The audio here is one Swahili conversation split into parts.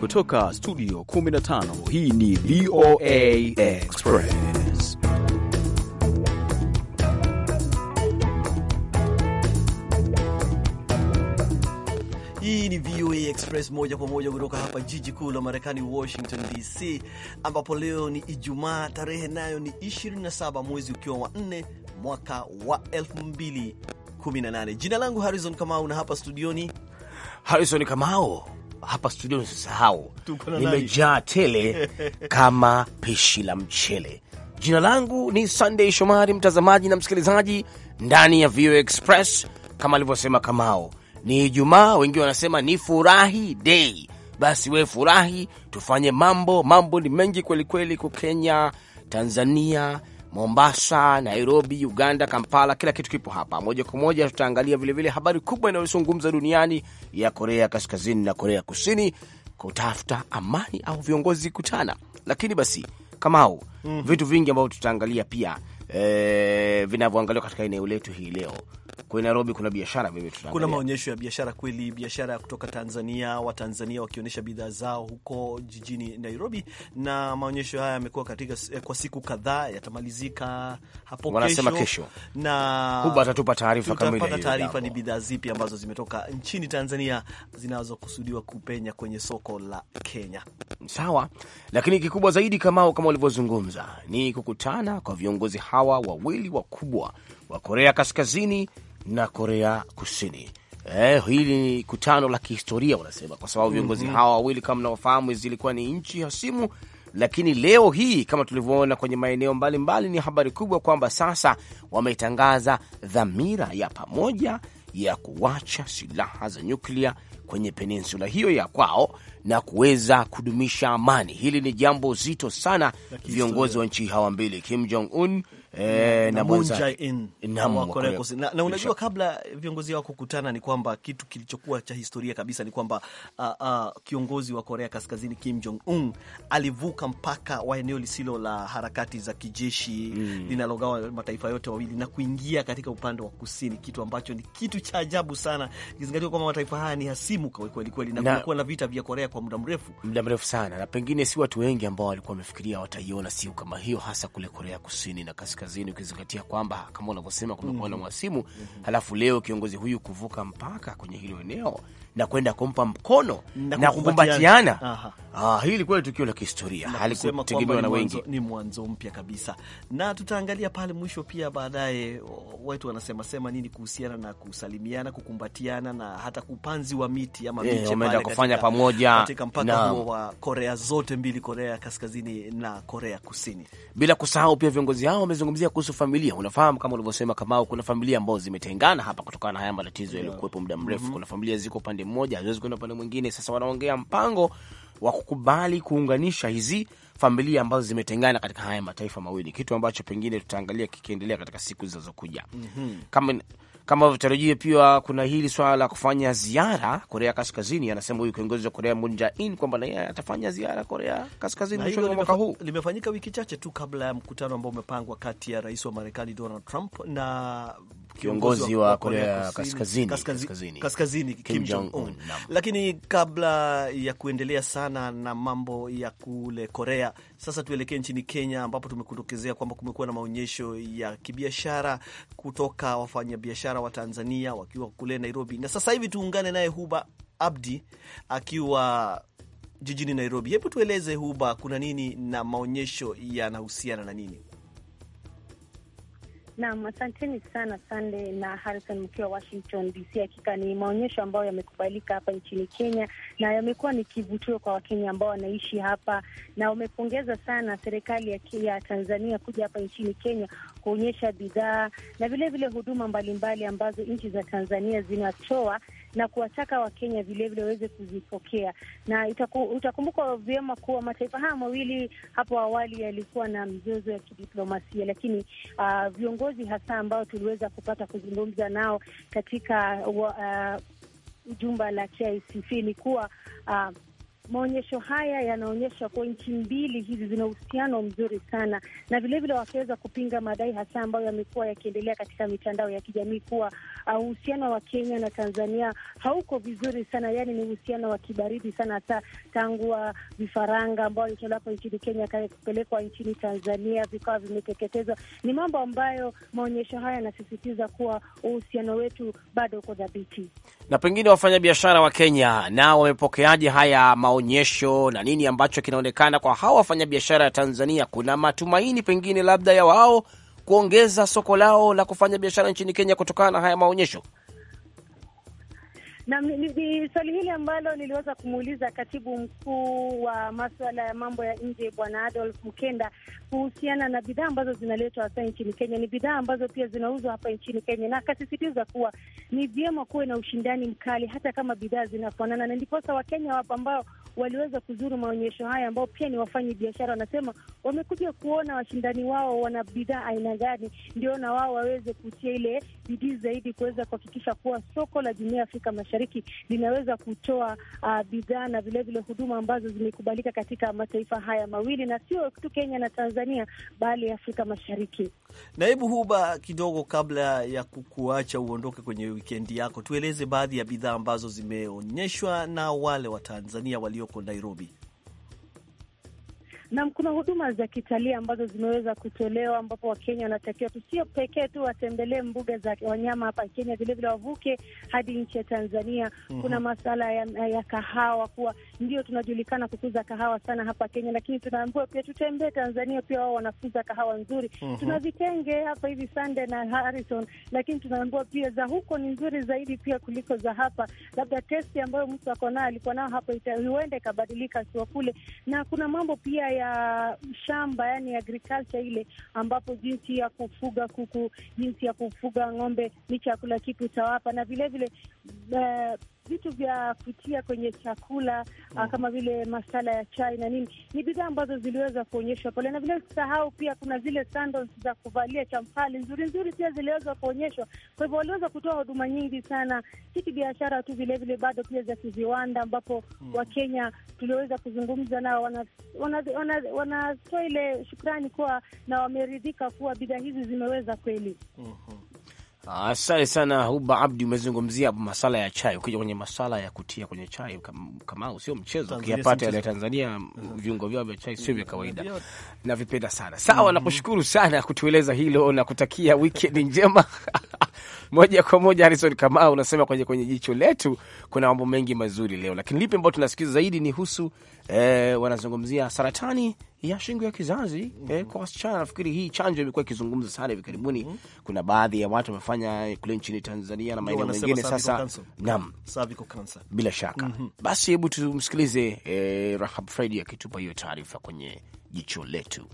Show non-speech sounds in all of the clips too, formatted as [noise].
Kutoka studio 15 hii ni VOA Express. Hii ni VOA Express moja kwa moja kutoka hapa jiji kuu la Marekani, Washington DC, ambapo leo ni Ijumaa, tarehe nayo ni 27 mwezi ukiwa wa 4 mwaka wa 2018. Jina langu Harrison Kamau na hapa studioni Harrison Kamau hapa hapa studio, nisisahau nimejaa tele [laughs] kama pishi la mchele. Jina langu ni Sunday Shomari, mtazamaji na msikilizaji ndani ya VOA Express. Kama alivyosema Kamao, ni Ijumaa, wengi wanasema ni furahi dei. Basi we furahi, tufanye mambo. Mambo ni mengi kwelikweli, kwa Kenya, Tanzania Mombasa, Nairobi, Uganda, Kampala, kila kitu kipo hapa moja kwa moja. Tutaangalia vilevile habari kubwa inayozungumza duniani ya Korea Kaskazini na Korea Kusini kutafuta amani au viongozi kutana Lakini basi Kamau, mm, vitu vingi ambavyo tutaangalia pia eh, vinavyoangaliwa katika eneo letu hii leo. Kwa Nairobi kuna biashara mimi tunaangalia. Kuna maonyesho ya biashara kweli, biashara kutoka Tanzania, Watanzania wakionyesha bidhaa zao huko jijini Nairobi, na maonyesho haya yamekuwa katika eh, kwa siku kadhaa, yatamalizika hapo wanasema kesho, na Huba atatupa taarifa kamili. Tutapata taarifa ni bidhaa zipi ambazo zimetoka nchini Tanzania zinazokusudiwa kupenya kwenye soko la Kenya. Sawa, lakini kikubwa zaidi, kama kama ulivyozungumza, ni kukutana kwa viongozi hao hawa wawili wakubwa wa Korea Kaskazini na Korea Kusini. Eh, hili ni kutano la kihistoria wanasema, kwa sababu viongozi mm -hmm. hawa wawili kama mnavyofahamu zilikuwa ni nchi hasimu, lakini leo hii kama tulivyoona kwenye maeneo mbalimbali, ni habari kubwa kwamba sasa wametangaza dhamira ya pamoja ya kuacha silaha za nyuklia kwenye peninsula hiyo ya kwao na kuweza kudumisha amani. Hili ni jambo zito sana. Viongozi wa nchi hawa mbili Kim Jong Un yeah na, eh, unajua kabla viongozi hao kukutana ni kwamba kitu kilichokuwa cha historia kabisa ni kwamba uh, uh, kiongozi wa Korea Kaskazini Kim Jong Un alivuka mpaka wa eneo lisilo la harakati za kijeshi mm, linalogawa mataifa yote wawili na kuingia katika upande wa kusini, kitu ambacho ni kitu cha ajabu sana ikizingatiwa kwamba mataifa haya ni hasimu kwa kweli kweli, na kumekuwa na vita vya Korea kwa muda mrefu muda mrefu sana, na pengine si watu wengi ambao walikuwa wamefikiria wataiona siku kama hiyo, hasa kule Korea Kusini na Kaskazini kaskazini, ukizingatia kwamba kama unavyosema kumekuwa mm-hmm. na mwasimu, halafu leo kiongozi huyu kuvuka mpaka kwenye hilo eneo na kwenda kumpa mkono na, kukumbatiana. Ah, hili kweli tukio la kihistoria halikutegemewa na wengi, ni mwanzo mpya kabisa, na tutaangalia pale mwisho pia baadaye watu wanasema sema nini kuhusiana na kusalimiana, kukumbatiana na hata kupanzi wa miti ama eh, miche pale kufanya pamoja katika mpaka na... huo wa Korea zote mbili, Korea ya Kaskazini na Korea Kusini, bila kusahau pia viongozi hao wamezungumzia kuhusu familia. Unafahamu kama ulivyosema, kama kuna familia ambazo zimetengana hapa kutokana na haya matatizo yaliyokuwepo muda mrefu. Mhm. Kuna familia ziko pande mmoja, hawezi kwenda upande mwingine. Sasa wanaongea mpango wa kukubali kuunganisha hizi familia ambazo zimetengana katika haya mataifa mawili, kitu ambacho pengine tutaangalia kikiendelea katika siku zinazokuja. mm -hmm. kama kama vitarajia pia kuna hili swala la kufanya ziara Korea Kaskazini. Anasema huyu kiongozi wa Korea Moon Jae-in kwamba naye atafanya ziara Korea Kaskazini mwishoni mwa mwaka huu. Limefanyika wiki chache tu kabla ya mkutano ambao umepangwa kati ya rais wa Marekani Donald Trump na kiongozi wa Korea Kaskazini, Kaskazini, Kaskazini Kim Jong Un. Lakini kabla ya kuendelea sana na mambo ya kule Korea, sasa tuelekee nchini Kenya ambapo tumekutokezea kwamba kumekuwa na maonyesho ya kibiashara kutoka wafanyabiashara wa Tanzania wakiwa kule Nairobi, na sasa hivi tuungane naye Huba Abdi akiwa jijini Nairobi. Hebu tueleze Huba, kuna nini na maonyesho yanahusiana na nini? Naam, asanteni sana Sande na Harrison mkiwa Washington DC. Hakika ni maonyesho ambayo yamekubalika hapa nchini Kenya na yamekuwa ni kivutio kwa Wakenya ambao wanaishi hapa, na wamepongeza sana serikali ya, ya Tanzania kuja hapa nchini Kenya kuonyesha bidhaa na vilevile huduma mbalimbali mbali ambazo nchi za Tanzania zinatoa na kuwataka Wakenya vilevile waweze kuzipokea, na utakumbuka vyema kuwa mataifa haya mawili hapo awali yalikuwa na mzozo ya kidiplomasia, lakini uh, viongozi hasa ambao tuliweza kupata kuzungumza nao katika uh, jumba la KICC ni kuwa uh, maonyesho haya yanaonyesha kuwa nchi mbili hizi zina uhusiano mzuri sana, na vilevile wakiweza kupinga madai hasa ambayo yamekuwa yakiendelea katika mitandao ya kijamii kuwa uh, uhusiano wa Kenya na Tanzania hauko vizuri sana, yani ni uhusiano wa kibaridi sana, hasa tangu wa uh, vifaranga ambao walitolewa hapo nchini Kenya kupelekwa nchini Tanzania vikawa vimeteketezwa. Ni mambo ambayo maonyesho haya yanasisitiza kuwa uhusiano wetu bado uko dhabiti. Na pengine wafanyabiashara wa Kenya nao wamepokeaje haya ma maonyesho na nini ambacho kinaonekana kwa hawa wafanyabiashara ya Tanzania? Kuna matumaini pengine labda ya wao kuongeza soko lao la kufanya biashara nchini Kenya kutokana na haya maonyesho? Na ni swali hili ambalo niliweza kumuuliza katibu mkuu wa maswala ya mambo ya nje Bwana Adolf Mkenda kuhusiana na bidhaa ambazo zinaletwa hasa nchini Kenya. Ni bidhaa ambazo pia zinauzwa hapa nchini Kenya, na akasisitiza kuwa ni vyema kuwe na ushindani mkali hata kama bidhaa zinafanana, na ndiposa Wakenya wapo ambao waliweza kuzuru maonyesho haya, ambao pia ni wafanyi biashara. Wanasema wamekuja kuona washindani wao wana bidhaa aina gani, ndio na wao waweze kutia ile bidii zaidi kuweza kuhakikisha kuwa soko la jumuiya ya Afrika Mashariki linaweza kutoa uh, bidhaa na vilevile huduma ambazo zimekubalika katika mataifa haya mawili na sio tu Kenya na Tanzania bali Afrika Mashariki. Naibu Huba, kidogo kabla ya kukuacha uondoke kwenye wikendi yako, tueleze baadhi ya bidhaa ambazo zimeonyeshwa na wale wa Tanzania walioko Nairobi. Naam, kuna huduma za kitalii ambazo zimeweza kutolewa, ambapo Wakenya wanatakiwa tu sio pekee tu watembelee mbuga za wanyama hapa Kenya, vilevile wavuke hadi nchi ya Tanzania. mm -hmm. Kuna masala ya, ya kahawa kuwa ndio tunajulikana kukuza kahawa sana hapa Kenya, lakini tunaambiwa pia tutembee Tanzania, pia wao wanakuza kahawa nzuri. mm -hmm. Tuna vitenge hapa hivi Sande na Harrison, lakini tunaambiwa pia za huko ni nzuri zaidi pia kuliko za hapa. Labda testi ambayo mtu ako nayo alikuwa nayo hapa huenda ikabadilika sio kule, na kuna mambo pia ya shamba, yani agriculture ile, ambapo jinsi ya kufuga kuku, jinsi ya kufuga ng'ombe, ni chakula kipi utawapa, na vilevile vitu vya kutia kwenye chakula oh. uh, kama vile masala ya chai na nini, ni bidhaa ambazo ziliweza kuonyeshwa pale, na vile sahau pia kuna zile sandals za kuvalia champali nzuri nzuri pia ziliweza kuonyeshwa. Kwa hivyo waliweza kutoa huduma nyingi sana, si kibiashara tu, vilevile bado pia za kiviwanda, ambapo hmm. Wakenya tuliweza kuzungumza nao wanatoa wana, wana, wana ile shukrani kuwa na wameridhika kuwa bidhaa hizi zimeweza kweli uh mhm. -huh. Asante sana Huba Abdi, umezungumzia masala ya chai. Ukija kwenye masala ya kutia kwenye chai kama sio mchezo. Ukiyapata yale Tanzania, mm-hmm. viungo vyao vya chai sio vya kawaida. Navipenda sana. Sawa, mm-hmm. nakushukuru sana kutueleza hilo na kutakia wikendi njema. [laughs] moja kwa moja. Harison Kamau, unasema kwenye kwenye jicho letu kuna mambo mengi mazuri leo, lakini lipi ambao tunasikiza zaidi ni husu eh, wanazungumzia saratani ya shingo ya kizazi mm -hmm. Eh, mhm. kwa wasichana nafikiri hii chanjo imekuwa ikizungumza sana hivi karibuni mm -hmm. Kuna baadhi ya watu wamefanya kule nchini Tanzania na maeneo mengine sasa, nam bila shaka mm -hmm. Basi hebu tumsikilize eh, Rahab Fredi akitupa hiyo taarifa kwenye jicho letu.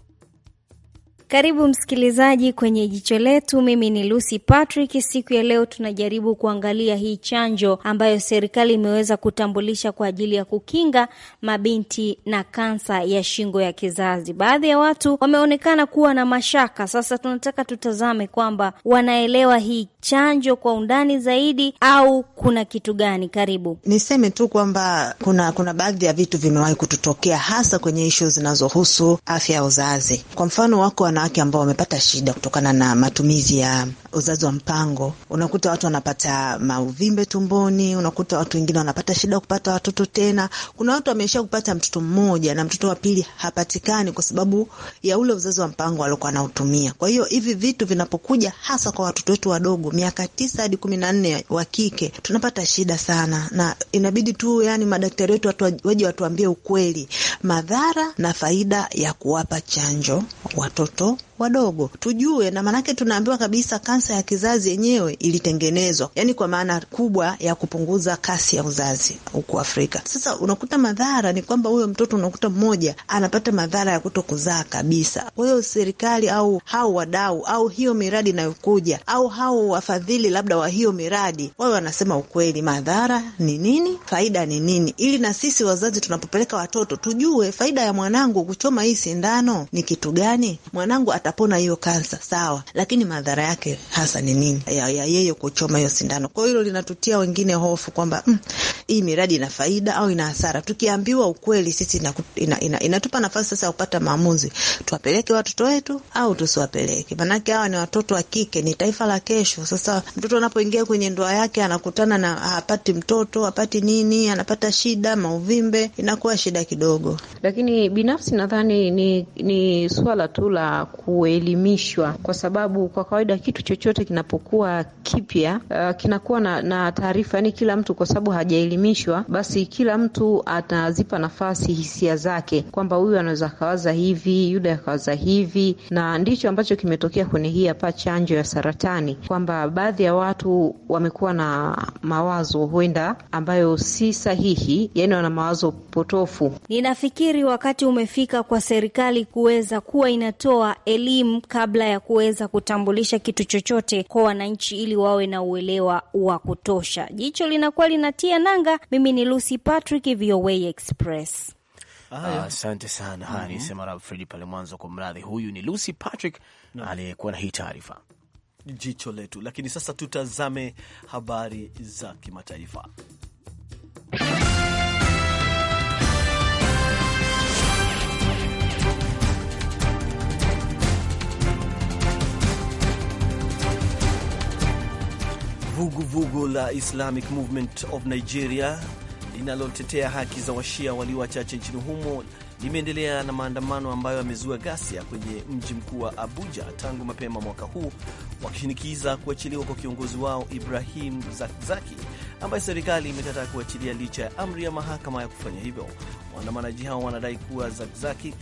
Karibu msikilizaji kwenye jicho letu. Mimi ni Lucy Patrick. Siku ya leo tunajaribu kuangalia hii chanjo ambayo serikali imeweza kutambulisha kwa ajili ya kukinga mabinti na kansa ya shingo ya kizazi. Baadhi ya watu wameonekana kuwa na mashaka. Sasa tunataka tutazame kwamba wanaelewa hii chanjo kwa undani zaidi au kuna kitu gani? Karibu. Niseme tu kwamba kuna kuna baadhi ya vitu vimewahi kututokea hasa kwenye ishu zinazohusu afya ya uzazi. Kwa mfano, wako wanawake ambao wamepata shida kutokana na matumizi ya uzazi wa mpango, unakuta watu wanapata mauvimbe tumboni, unakuta watu wengine wanapata shida kupata watoto tena. Kuna watu wameisha kupata mtoto mmoja na mtoto wa pili hapatikani kwa sababu ya ule uzazi wa mpango aliokuwa anautumia. Kwa hiyo hivi vitu vinapokuja, hasa kwa watoto wetu wadogo miaka tisa hadi kumi na nne wa kike, tunapata shida sana, na inabidi tu yani madaktari wetu waje watuambie ukweli, madhara na faida ya kuwapa chanjo watoto wadogo, tujue na maanake, tunaambiwa kabisa kansa ya kizazi yenyewe ilitengenezwa, yani kwa maana kubwa ya kupunguza kasi ya uzazi huku Afrika. Sasa unakuta madhara ni kwamba huyo mtoto unakuta mmoja anapata madhara ya kuto kuzaa kabisa. Kwa hiyo serikali au hao wadau au hiyo miradi inayokuja au hao wafadhili labda wa hiyo miradi wawe wanasema ukweli, madhara ni nini, faida ni nini, ili na sisi wazazi tunapopeleka watoto tujue faida ya mwanangu kuchoma hii sindano ni kitu gani, mwanangu ata atapona hiyo kansa sawa, lakini madhara yake hasa ni nini ya, ya yeye kuchoma hiyo sindano? Kwa hiyo hilo linatutia wengine hofu kwamba mm, hii miradi ina faida au ina hasara. Tukiambiwa ukweli sisi ina, ina, ina, inatupa nafasi sasa ya kupata maamuzi, tuwapeleke watoto wetu au tusiwapeleke, maanake hawa ni watoto wa kike, ni taifa la kesho. Sasa mtoto anapoingia kwenye ndoa yake anakutana na hapati mtoto, hapati nini, anapata shida, mauvimbe, inakuwa shida kidogo. Lakini binafsi nadhani ni, ni swala tu la ku kuelimishwa, kwa sababu kwa kawaida kitu chochote kinapokuwa kipya uh, kinakuwa na, na taarifa, yani kila mtu kwa sababu hajaelimishwa, basi kila mtu atazipa nafasi hisia zake kwamba huyu anaweza akawaza hivi, yule akawaza hivi, na ndicho ambacho kimetokea kwenye hii hapa chanjo ya saratani kwamba baadhi ya watu wamekuwa na mawazo huenda ambayo si sahihi, yani wana mawazo potofu. Ninafikiri wakati umefika kwa serikali kuweza kuwa inatoa el elimu kabla ya kuweza kutambulisha kitu chochote kwa wananchi ili wawe na uelewa wa kutosha. Jicho linakuwa linatia nanga. Mimi ni Lucy Patrick, VOA Express. Ah, asante ah, sana mm -hmm. Nisema Fredi pale mwanzo kwa mradhi. Huyu ni Lucy Patrick no. aliyekuwa na hii taarifa jicho letu, lakini sasa tutazame habari za kimataifa vuguvugu la Islamic Movement of Nigeria linalotetea haki za washia walio wachache nchini humo limeendelea na maandamano ambayo yamezua ghasia kwenye mji mkuu wa Abuja tangu mapema mwaka huu, wakishinikiza kuachiliwa kwa kiongozi wao Ibrahim Zakzaki ambaye serikali imekataa kuachilia licha ya amri ya mahakama ya kufanya hivyo. Waandamanaji hao wanadai kuwa Zakzaki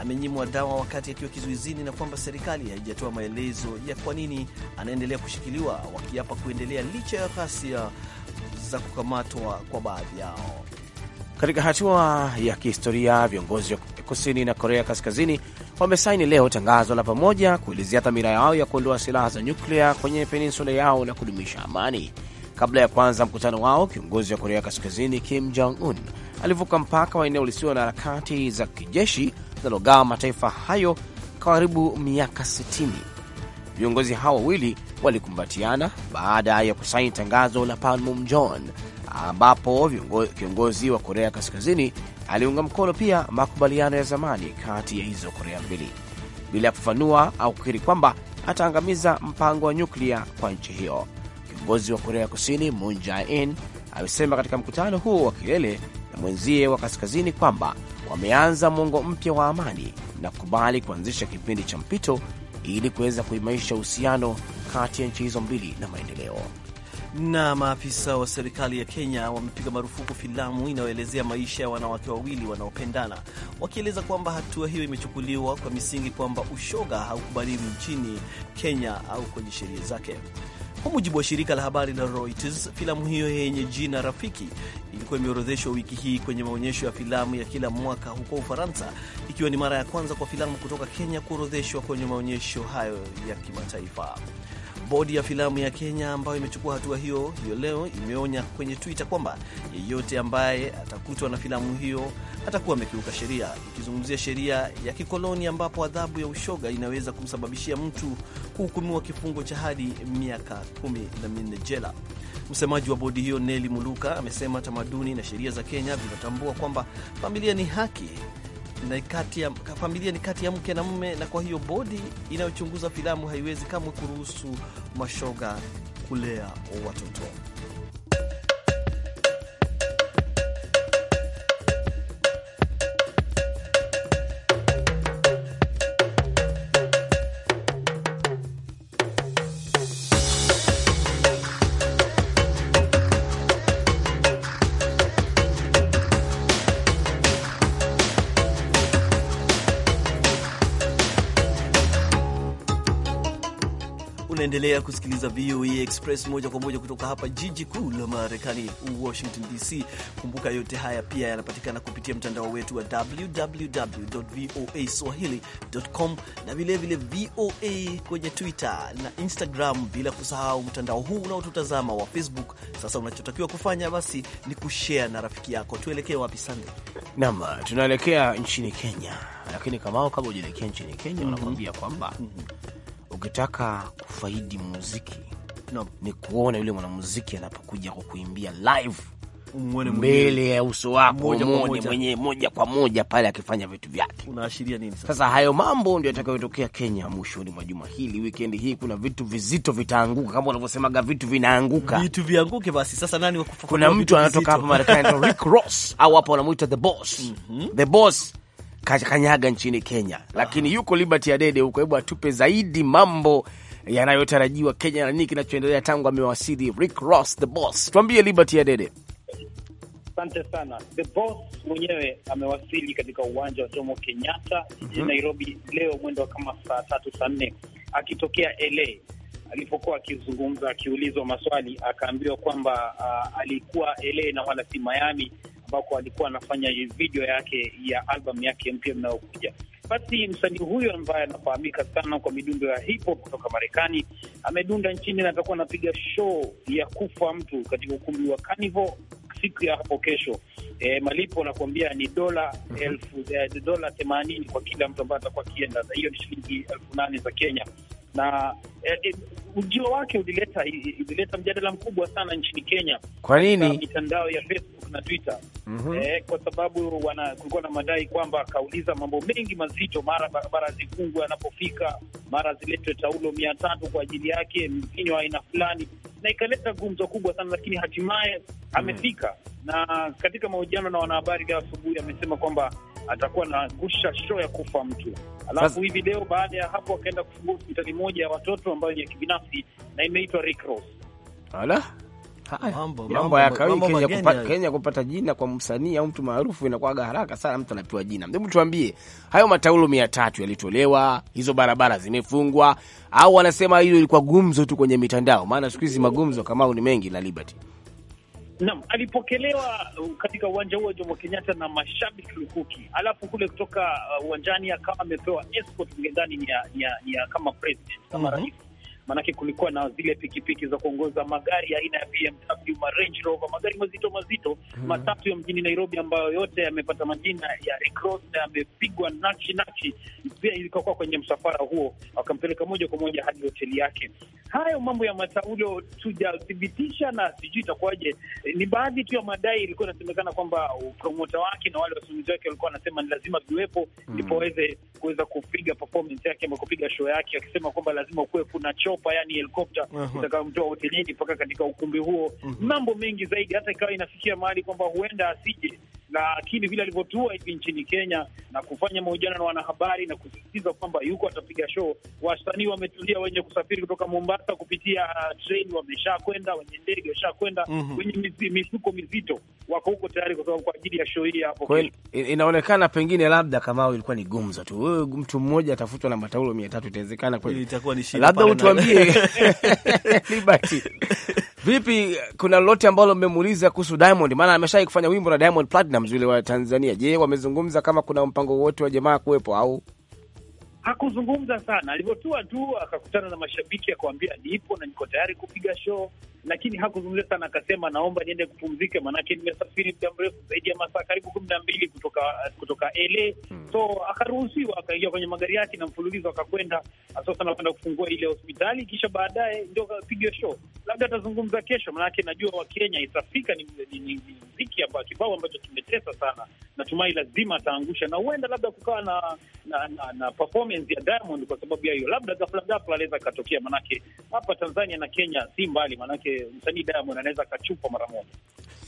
amenyimwa dawa wakati akiwa kizuizini na kwamba serikali haijatoa maelezo ya kwa nini anaendelea kushikiliwa, wakiapa kuendelea licha ya ghasia za kukamatwa kwa baadhi yao. Katika hatua ya kihistoria, viongozi wa kusini na Korea Kaskazini wamesaini leo tangazo la pamoja kuelezea dhamira yao ya kuondoa silaha za nyuklia kwenye peninsula yao na kudumisha amani. Kabla ya kuanza mkutano wao, kiongozi wa Korea Kaskazini Kim Jong Un alivuka mpaka wa eneo lisiwo na harakati za kijeshi linalogawa mataifa hayo karibu miaka 60. Viongozi hao wawili walikumbatiana baada ya kusaini tangazo la Panmunjom ambapo kiongozi wa Korea Kaskazini aliunga mkono pia makubaliano ya zamani kati ya hizo Korea mbili bila kufafanua au kukiri kwamba ataangamiza mpango wa nyuklia kwa nchi hiyo. Kiongozi wa Korea Kusini Moon Jae-in alisema katika mkutano huo wa kilele na mwenzie wa Kaskazini kwamba wameanza mwongo mpya wa amani na kukubali kuanzisha kipindi cha mpito ili kuweza kuimarisha uhusiano kati ya nchi hizo mbili na maendeleo. Na maafisa wa serikali ya Kenya wamepiga marufuku filamu inayoelezea maisha ya wanawake wawili wanaopendana, wakieleza kwamba hatua hiyo imechukuliwa kwa misingi kwamba ushoga haukubaliwi nchini Kenya au kwenye sheria zake. Kwa mujibu wa shirika la habari la Reuters, filamu hiyo yenye jina Rafiki ilikuwa imeorodheshwa wiki hii kwenye maonyesho ya filamu ya kila mwaka huko Ufaransa, ikiwa ni mara ya kwanza kwa filamu kutoka Kenya kuorodheshwa kwenye maonyesho hayo ya kimataifa. Bodi ya filamu ya Kenya ambayo imechukua hatua hiyo hiyo leo imeonya kwenye Twitter kwamba yeyote ambaye atakutwa na filamu hiyo atakuwa amekiuka sheria, ikizungumzia sheria ya kikoloni ambapo adhabu ya ushoga inaweza kumsababishia mtu kuhukumiwa kifungo cha hadi miaka kumi na minne jela. Msemaji wa bodi hiyo Neli Muluka amesema tamaduni na sheria za Kenya vinatambua kwamba familia ni haki na kati ya, familia ni kati ya mke na mume, na kwa hiyo bodi inayochunguza filamu haiwezi kamwe kuruhusu mashoga kulea watoto. Unaendelea kusikiliza VOA e Express moja kwa moja kutoka hapa jiji kuu la Marekani, Washington DC. Kumbuka yote haya pia yanapatikana kupitia mtandao wetu wa www voa swahili.com na vilevile VOA e kwenye Twitter na Instagram, bila kusahau mtandao huu unaotutazama wa Facebook. Sasa unachotakiwa kufanya basi ni kushare na rafiki yako. Tuelekee wapi, Sande? Nam, tunaelekea nchini Kenya, lakini Kamao, kabla ujaelekea nchini Kenya, wanakuambia mhm. mm -hmm. kwamba mm -hmm ukitaka kufaidi muziki no. ni kuona yule mwanamuziki anapokuja kukuimbia live Mwene mbele ya uso wako umwone mwenyewe moja kwa moja pale akifanya vitu vyake. Unaashiria nini sasa? hayo mambo ndio yatakayotokea Kenya mwishoni mwa juma hili, wikendi hii. Kuna vitu vizito vitaanguka, kama wanavyosemaga vitu vinaanguka, vitu vianguke. Basi sasa nani wa kufukua? Kuna mtu anatoka hapa Marekani Rick Ross au hapa wanamuita the boss. Mm -hmm. the boss kanyaga nchini Kenya, lakini yuko Liberty Adede huko. Hebu atupe zaidi mambo yanayotarajiwa Kenya na nini kinachoendelea tangu amewasili Rick Ross the boss. Tuambie Liberty Adede. Asante sana. The boss mwenyewe amewasili katika uwanja wa Jomo Kenyatta jijini mm -hmm. Nairobi leo mwendo wa kama saa tatu saa nne akitokea LA. Alipokuwa akizungumza akiulizwa maswali akaambiwa kwamba uh, alikuwa LA na wala si Miami, ambako alikuwa anafanya video yake ya albamu yake mpya mnayokuja. Basi msanii huyo ambaye anafahamika sana kwa midundo ya hip hop kutoka Marekani amedunda nchini na atakuwa anapiga show ya kufa mtu katika ukumbi wa Carnival siku ya hapo kesho. E, malipo nakuambia ni dola mm -hmm. elfu eh, dola themanini kwa kila mtu ambaye atakuwa akienda, na hiyo ni shilingi elfu nane za Kenya na e, e, ujio wake ulileta ulileta mjadala mkubwa sana nchini Kenya kwa nini mitandao ya Facebook Facebook na Twitter mm -hmm. eh, kwa sababu wana kulikuwa na madai kwamba akauliza mambo mengi mazito, mara barabara zifungwe anapofika, mara ziletwe taulo mia tatu kwa ajili yake, mvinyo wa aina fulani, na ikaleta gumzo kubwa sana, lakini hatimaye amefika mm. na katika mahojiano na wanahabari leo asubuhi amesema kwamba atakuwa na gusha show ya kufa mtu alafu hivi leo, baada ya hapo akaenda kufungua hospitali moja ya watoto ambayo ni ya kibinafsi na imeitwa Red Cross. Ala mambo, mambo ya Kenya, kupata, Kenya kupata jina kwa msanii au mtu maarufu inakuwaga haraka sana, mtu anapewa jina. Hebu tuambie hayo mataulo mia tatu yalitolewa, hizo barabara zimefungwa, au wanasema hiyo ilikuwa gumzo tu kwenye mitandao? Maana siku hizi magumzo kama ni mengi na Liberty Naam, alipokelewa uh, katika uwanja huo wa Jomo Kenyatta na mashabiki lukuki, alafu kule kutoka uh, uwanjani akawa amepewa escort, ni ya, ya, ya kama president kama mm -hmm. rais maanake kulikuwa na zile pikipiki za kuongoza magari aina ya BMW ma Range Rover, magari mazito mazito mm -hmm. matatu ya mjini Nairobi ambayo yote yamepata majina ya Ecros na yamepigwa nakshi nakshi, pia ilikokuwa kwenye msafara huo, wakampeleka moja kwa moja hadi hoteli yake hayo mambo ya mataulo tujathibitisha na sijui itakuwaje. Eh, ni baadhi tu ya madai, ilikuwa inasemekana kwamba promota wake na wale wasimamizi wake walikuwa wanasema ni lazima viwepo, hmm. ndipo waweze kuweza kupiga performance yake ama kupiga show yake, wakisema kwamba lazima kuwe kuna chopa, yani helikopta itakayomtoa hotelini mpaka katika ukumbi huo. Mhm. Mambo mengi zaidi, hata ikawa inafikia mahali kwamba huenda asije lakini vile alivyotua hivi nchini Kenya na kufanya mahojiano na wanahabari na kusisitiza kwamba yuko atapiga show, wasanii wametulia, wenye kusafiri kutoka Mombasa kupitia uh, treni wamesha kwenda, wenye ndege wamesha kwenda mm -hmm. wenye mifuko mizito wako huko tayari kwa sababu kwa ajili ya show hii hapo kweli. Inaonekana pengine labda kama ilikuwa ni gumza tu, wewe mtu mmoja atafutwa na mataulo mia tatu, itawezekana kweli? Itakuwa ni shida, labda utuambie [laughs] [laughs] Liberty Vipi, kuna lolote ambalo mmemuuliza kuhusu Diamond? Maana ameshai kufanya wimbo na Diamond Platinum yule wa Tanzania. Je, wamezungumza kama kuna mpango wote wa jamaa kuwepo au hakuzungumza sana, alivyotua tu akakutana na mashabiki akawambia nipo na niko tayari kupiga show, lakini hakuzungumza sana, akasema naomba niende kupumzika, maanake nimesafiri muda mrefu zaidi ya masaa karibu kumi na mbili kutoka kutoka LA. Hmm. So akaruhusiwa akaingia kwenye magari yake na mfululizo akakwenda, sasa anakwenda kufungua ile hospitali, kisha baadaye ndio akapiga show. Labda atazungumza kesho, maanake najua Wakenya itafika ni, mziki ambao kibao ambacho kimetesa sana, natumai lazima ataangusha, na huenda labda kukawa na, na, na, na performance performance ya Diamond kwa sababu ya hiyo, labda ghafla ghafla anaweza akatokea, manake hapa Tanzania na Kenya si mbali, manake msanii Diamond anaweza akachupa mara moja.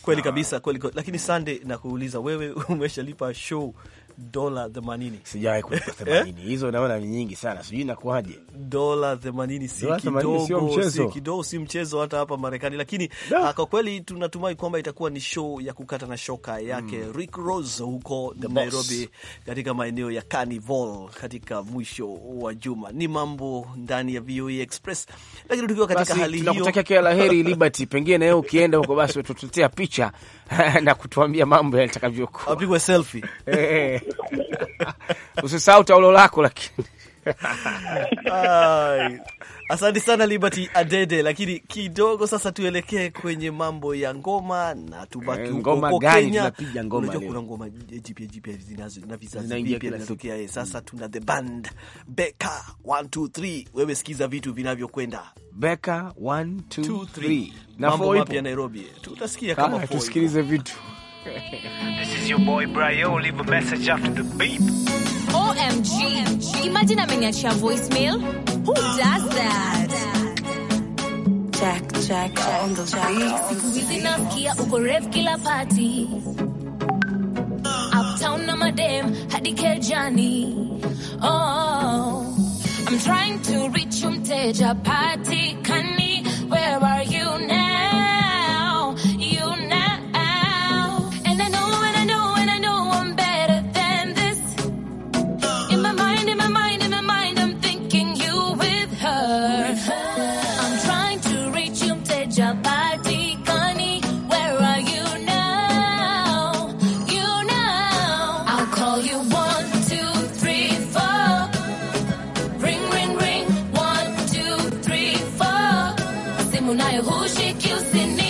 Kweli kabisa, kweli, kweli. Lakini Sande, nakuuliza wewe, [laughs] umeshalipa show dola themanini. Sijawahi kulipa eh? themanini hizo, naona ni nyingi sana, sijui inakuwaje. Dola themanini si kidogo, si kidogo, si mchezo hata hapa Marekani. Lakini no. Ah, kwa kweli tunatumai kwamba itakuwa ni show ya kukata na shoka yake mm. Rick Ross huko The Nairobi boss. katika maeneo ya Carnival katika mwisho wa juma. Ni mambo ndani ya VOA e Express, lakini tukiwa katika hali hiyo tunakutakia kila la heri Liberty, pengine na ukienda huko basi ututetea picha [laughs] na kutuambia mambo yatakavyokuwa, apigwe selfie eh, eh. [laughs] Usisahau taulo lako lakini. [laughs] Asante sana Liberty Adede, lakini kidogo sasa tuelekee kwenye mambo ya ngoma na tubaki eh, huko Kenya. Unajua kuna ngoma jipya jipya zinazo na vizazi vipya vinatokea. Eh, sasa mm. tuna the band Beka 1 2 3. Wewe sikiza vitu vinavyokwenda Beka 1 2 3 na mambo mapya Nairobi, tutasikia ah, kama tusikilize vitu this is your boy Brayo. Leave a message after the beep. OMG. OMG. Imagine ameniachia voicemail. Who does that? Jack, Jack, Jack on the Siku uko rev kila party. Uptown na madem hadi kejani. Oh, I'm trying to reach you mteja patikani Munaye, who she kills in me?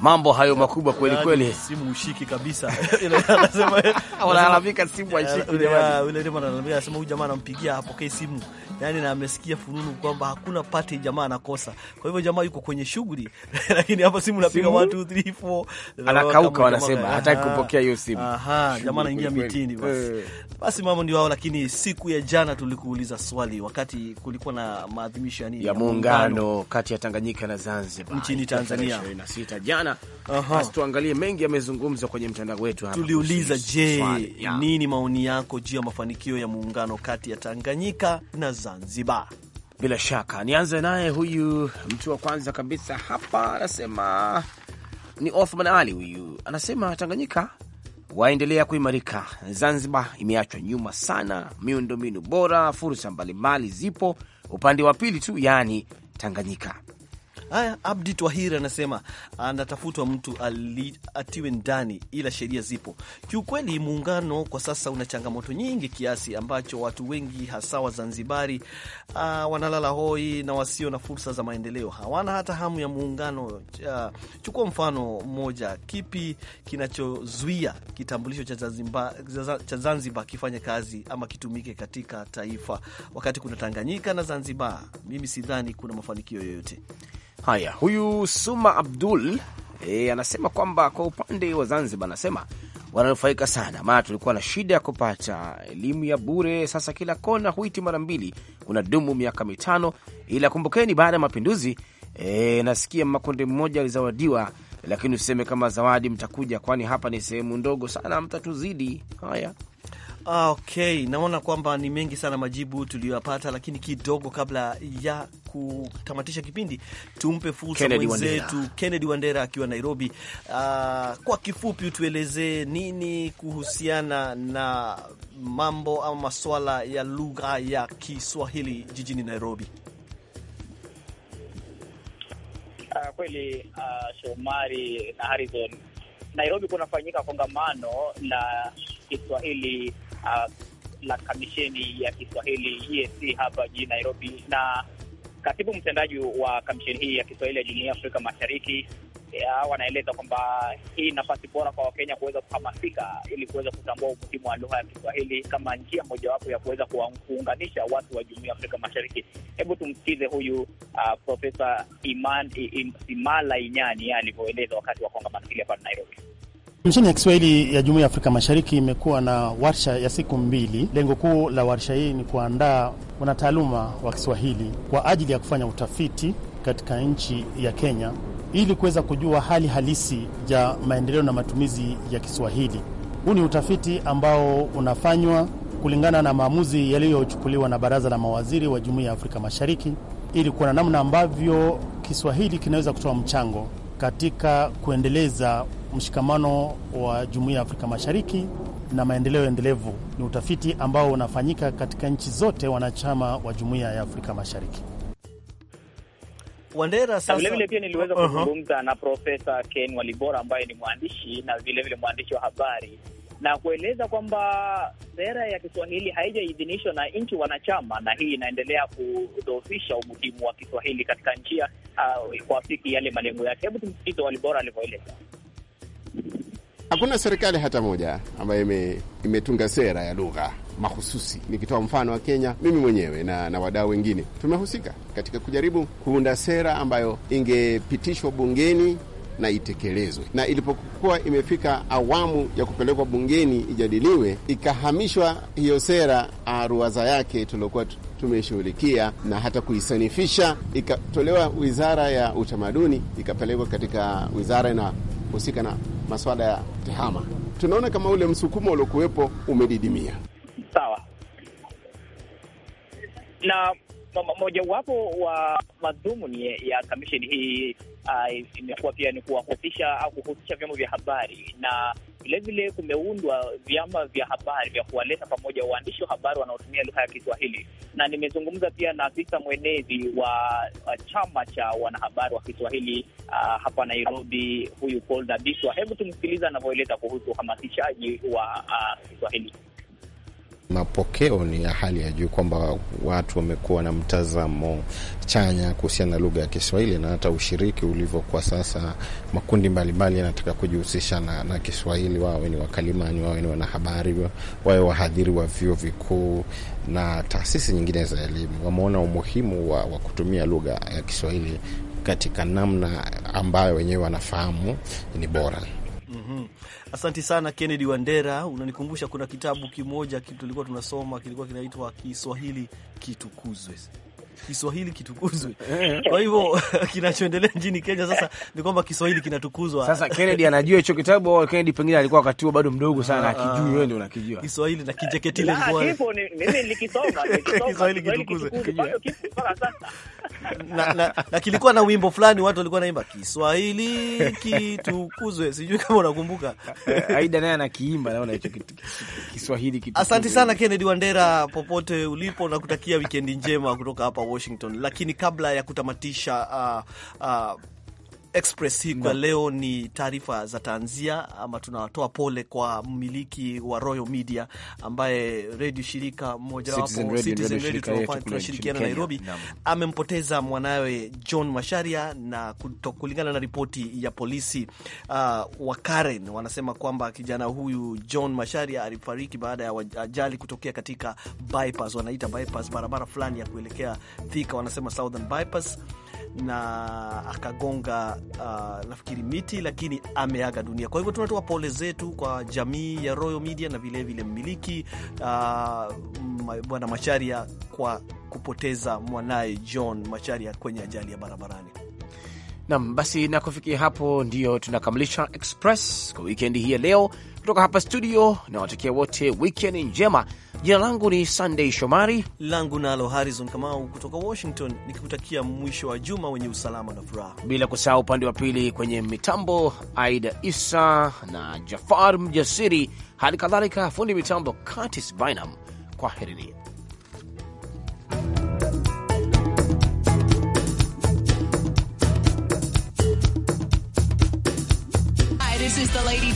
Mambo hayo makubwa kweli kweli. Simu ushiki kabisa. wanalalamika simu haishiki. jamaa anampigia, apokee simu yani, na amesikia fununu kwamba hakuna pati jamaa anakosa. Kwa hivyo jamaa yuko kwenye shughuli [laughs] lakini hapa simu napiga 1 2 3 4 anakauka, wanasema hataki kupokea hiyo simu. Aha, jamaa anaingia mitini basi. Eh. Basi mambo ndio hao, lakini siku ya jana tulikuuliza swali wakati kulikuwa na maadhimisho ya nini ya muungano kati ya Tanganyika na Zanzibar nchini Tanzania Na sita jana. aha, Basi tuangalie mengi yamezungumzwa kwenye mtandao wetu hapa. Tuliuliza je, nini maoni yako juu ya mafanikio ya muungano kati ya Tanganyika na Zanzibar? Zanzibar. Bila shaka nianze naye huyu mtu wa kwanza kabisa hapa, anasema ni Othman Ali. Huyu anasema Tanganyika waendelea kuimarika, Zanzibar imeachwa nyuma sana, miundombinu bora, fursa mbalimbali zipo upande wa pili tu, yaani Tanganyika. Haya, Abdi Twahir anasema anatafutwa mtu ali, atiwe ndani, ila sheria zipo. Kiukweli muungano kwa sasa una changamoto nyingi kiasi ambacho watu wengi hasa Wazanzibari ah, wanalala hoi na wasio na fursa za maendeleo, hawana hata hamu ya muungano. Ah, chukua mfano mmoja, kipi kinachozuia kitambulisho cha Zanzibar, cha Zanzibar kifanye kazi ama kitumike katika taifa wakati kuna Tanganyika na Zanzibar? Mimi sidhani kuna mafanikio yoyote. Haya, huyu Suma Abdul e, anasema kwamba kwa upande wa Zanzibar anasema wananufaika sana, maana tulikuwa na shida ya kupata elimu ya bure. Sasa kila kona huiti mara mbili, kuna dumu miaka mitano. Ila kumbukeni, baada ya mapinduzi e, nasikia Makonde mmoja alizawadiwa, lakini useme kama zawadi mtakuja, kwani hapa ni sehemu ndogo sana, mtatuzidi. Haya. Ah, okay, naona kwamba ni mengi sana majibu tuliyoyapata, lakini kidogo kabla ya kutamatisha kipindi tumpe fursa mwenzetu Kennedy Wandera akiwa Nairobi. Uh, kwa kifupi tuelezee nini kuhusiana na mambo ama maswala ya lugha ya Kiswahili jijini Nairobi? Uh, kweli uh, Shomari na Harizon, Nairobi kunafanyika kongamano la Kiswahili uh, la kamisheni ya Kiswahili EAC hapa jijini Nairobi, na katibu mtendaji wa kamisheni hii ya Kiswahili ya Jumuiya ya Afrika Mashariki eh, wanaeleza kwamba hii nafasi bora kwa Wakenya kuweza kuhamasika ili kuweza kutambua umuhimu wa lugha ya Kiswahili kama njia mojawapo ya kuweza kuunganisha watu wa Jumuiya ya Afrika Mashariki. Hebu tumsikize huyu uh, Profesa Imala Inyani alivyoeleza wakati wa kongamano hili hapa Nairobi. Misheni ya Kiswahili ya Jumuiya ya Afrika Mashariki imekuwa na warsha ya siku mbili. Lengo kuu la warsha hii ni kuandaa wanataaluma wa Kiswahili kwa ajili ya kufanya utafiti katika nchi ya Kenya ili kuweza kujua hali halisi ya maendeleo na matumizi ya Kiswahili. Huu ni utafiti ambao unafanywa kulingana na maamuzi yaliyochukuliwa na Baraza la Mawaziri wa Jumuiya ya Afrika Mashariki ili kuona namna ambavyo Kiswahili kinaweza kutoa mchango katika kuendeleza mshikamano wa jumuiya ya Afrika Mashariki na maendeleo endelevu. Ni utafiti ambao unafanyika katika nchi zote wanachama wa jumuiya ya Afrika Mashariki. Wandera, sasa vilevile pia niliweza uh-huh. kuzungumza uh -huh. na Profesa Ken Walibora ambaye ni mwandishi na vilevile mwandishi wa habari na kueleza kwamba sera ya Kiswahili haijaidhinishwa na nchi wanachama, na hii inaendelea kudhoofisha umuhimu wa Kiswahili katika njia uh, kuafiki yale malengo yake. Hebu tumsikize Walibora alivyoeleza. Hakuna serikali hata moja ambayo ime, imetunga sera ya lugha mahususi. Nikitoa mfano wa Kenya, mimi mwenyewe na, na wadau wengine tumehusika katika kujaribu kuunda sera ambayo ingepitishwa bungeni na itekelezwe, na ilipokuwa imefika awamu ya kupelekwa bungeni ijadiliwe, ikahamishwa hiyo sera ruaza yake tuliokuwa tumeshughulikia na hata kuisanifisha, ikatolewa wizara ya utamaduni, ikapelekwa katika wizara inahusika na masuala ya tehama. Tunaona kama ule msukumo uliokuwepo umedidimia. Sawa na mojawapo wa madhumuni ya kamisheni hii uh, imekuwa pia ni kuwahusisha au kuhusisha vyombo vya habari na Vilevile kumeundwa vyama vya habari vya kuwaleta pamoja waandishi wa habari wanaotumia lugha ya Kiswahili, na nimezungumza pia na afisa mwenezi wa chama cha wanahabari wa Kiswahili uh, hapa Nairobi, huyu Paul Dabiswa. Hebu tumsikiliza anavyoeleza kuhusu uhamasishaji wa uh, Kiswahili. Mapokeo ni ya hali ya juu kwamba watu wamekuwa na mtazamo chanya kuhusiana na lugha ya Kiswahili na hata ushiriki ulivyo kwa sasa. Makundi mbalimbali yanataka kujihusisha na, na Kiswahili, wawe ni wakalimani, wawe ni wanahabari, wawe wahadhiri wa vyuo vikuu na taasisi nyingine za elimu. Wameona umuhimu wa, wa kutumia lugha ya Kiswahili katika namna ambayo wenyewe wanafahamu ni bora. mm -hmm. Asanti sana Kennedy Wandera, unanikumbusha kuna kitabu kimoja tulikuwa tunasoma kilikuwa kinaitwa Kiswahili kitukuzwe. Kiswahili kitukuzwe. Kwa hivyo [laughs] kinachoendelea nchini Kenya sasa ni kwamba Kiswahili kinatukuzwa. Sasa Kennedy anajua hicho kitabu au Kennedy pengine alikuwa wakati huo bado mdogo sana ah, akijui, wewe ndio unakijua. Kiswahili na ile ilikuwa. Hivyo Mimi nilikisoma, [laughs] Kiswahili kitukuzwe. Na, na, na kilikuwa na wimbo fulani watu walikuwa naimba Kiswahili kitukuzwe. Sijui kama unakumbuka. Eh, Aida naye anakiimba naona hicho kitu Kiswahili kitukuzwe. Asante sana Kennedy Wandera, popote ulipo, nakutakia wikendi njema kutoka hapa Washington. Lakini kabla ya kutamatisha uh, uh, Express hii kwa leo ni taarifa za tanzia, ama tunatoa pole kwa mmiliki wa Royal Media ambaye redio shirika mmojawapo Citizen Radio tunashirikiana Nairobi, amempoteza mwanawe John Masharia, na kulingana na ripoti ya polisi uh, wa Karen wanasema kwamba kijana huyu John Masharia alifariki baada ya ajali kutokea katika bypass, wanaita bypass, barabara fulani ya kuelekea Thika, wanasema southern bypass na akagonga uh, nafikiri miti, lakini ameaga dunia. Kwa hivyo tunatoa pole zetu kwa jamii ya Royal Media na vilevile mmiliki uh, bwana Macharia kwa kupoteza mwanaye John Macharia kwenye ajali ya barabarani. Nam, basi na kufikia hapo ndiyo tunakamilisha Express kwa wikendi hii ya leo kutoka hapa studio, na watakia wote wikendi njema. Jina langu ni Sunday Shomari, langu nalo Harrison Kamau kutoka Washington, nikikutakia mwisho wa juma wenye usalama na furaha, bila kusahau upande wa pili kwenye mitambo Aida Isa na Jafar Mjasiri, hali kadhalika fundi mitambo Curtis Bynum. herini This is the Lady D